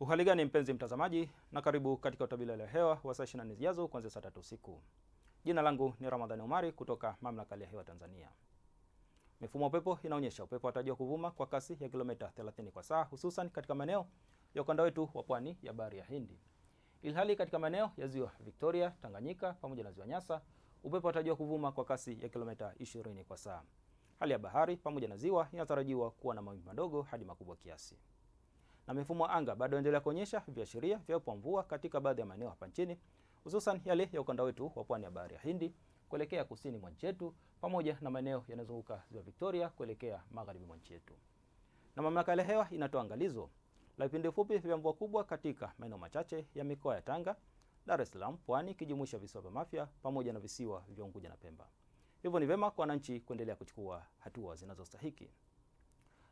Uhali gani mpenzi mtazamaji, na karibu katika utabiri wa hewa wa saa 24 zijazo kuanzia saa tatu usiku. Jina langu ni Ramadhani Omari kutoka Mamlaka ya Hewa Tanzania. Mifumo ya upepo inaonyesha upepo watarajiwa kuvuma kwa kasi ya kilomita 30 kwa saa hususan katika maeneo ya ukanda wetu wa pwani ya Bahari ya Hindi. Ilhali katika maeneo ya Ziwa Victoria, Tanganyika pamoja na Ziwa Nyasa, upepo watarajiwa kuvuma kwa kasi ya kilomita 20 kwa saa. Hali ya bahari pamoja na ziwa inatarajiwa kuwa na mawimbi madogo hadi makubwa kiasi na mifumo anga bado endelea kuonyesha viashiria vya uwepo mvua katika baadhi ya maeneo hapa nchini, hususan yale ya ukanda wetu wa pwani ya bahari ya Hindi kuelekea kusini mwa nchi yetu pamoja na maeneo yanayozunguka ziwa Victoria kuelekea magharibi mwa nchi yetu. Na mamlaka ya hewa inatoa angalizo la vipindi vifupi vya mvua kubwa katika maeneo machache ya mikoa ya Tanga, Dar es Salaam, Pwani kijumuisha visiwa vya Mafia pamoja na visiwa vya Unguja na Pemba. Hivyo ni vema kwa wananchi kuendelea kuchukua hatua zinazostahiki.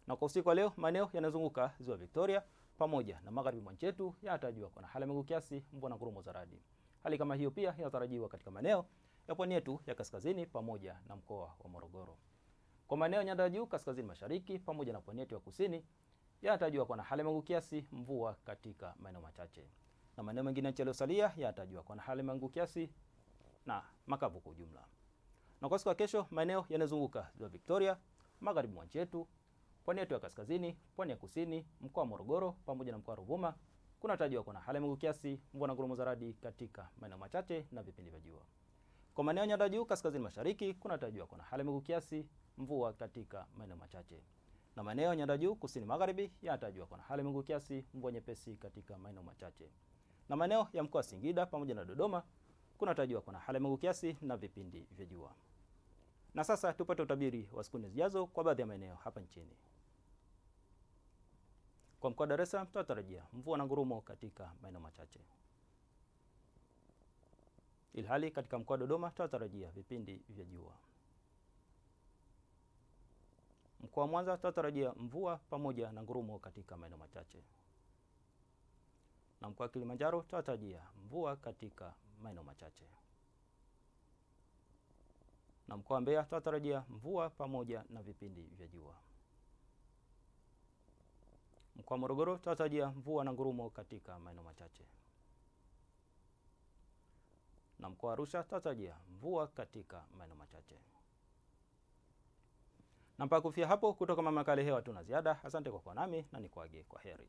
Na kwa usiku wa leo maeneo yanayozunguka ziwa Victoria pamoja na magharibi mwa nchi yetu yanatarajiwa kuwa na hali ya mawingu kiasi, mvua na ngurumo za radi. Hali kama hiyo pia inatarajiwa katika maeneo ya pwani yetu ya kaskazini pamoja na mkoa wa Morogoro. Kwa maeneo ya nyanda ya juu kaskazini mashariki pamoja na pwani yetu ya kusini yanatarajiwa kuwa na hali ya mawingu kiasi, mvua katika maeneo machache. Na maeneo mengine yaliyosalia yanatarajiwa kuwa na hali ya mawingu kiasi na makavu kwa ujumla. Na kwa siku ya kesho maeneo yanayozunguka ziwa Victoria, magharibi mwa nchi yetu Pwani yetu ya kaskazini, pwani ya kusini, mkoa wa Morogoro pamoja na mkoa wa Ruvuma kuna kuwa kuna hali ya mawingu kiasi, mvua na ngurumo za radi katika maeneo machache na vipindi vya jua. Kwa maeneo ya nyanda juu kaskazini mashariki kuna kuwa kuna hali ya mawingu kiasi, mvua katika maeneo machache. Na maeneo ya nyanda juu kusini magharibi yanatarajiwa kuwa na hali ya mawingu kiasi, mvua nyepesi katika maeneo machache. Na maeneo ya mkoa wa Singida pamoja na Dodoma kuna kuwa kuna hali ya mawingu kiasi na vipindi vya jua. Na sasa tupate utabiri wa siku zijazo kwa baadhi ya maeneo hapa nchini. Kwa mkoa wa Dar es Salaam tunatarajia mvua na ngurumo katika maeneo machache, ilhali katika mkoa wa Dodoma tunatarajia vipindi vya jua. Mkoa wa Mwanza tunatarajia mvua pamoja na ngurumo katika maeneo machache, na mkoa wa Kilimanjaro tunatarajia mvua katika maeneo machache, na mkoa wa Mbeya tunatarajia mvua pamoja na vipindi vya jua kwa Morogoro tunatarajia mvua na ngurumo katika maeneo machache, na mkoa wa Arusha tunatarajia mvua katika maeneo machache. Na mpaka kufia hapo, kutoka mamlaka ya hali ya hewa tuna ziada. Asante kwa kuwa nami na nikuage kwa heri.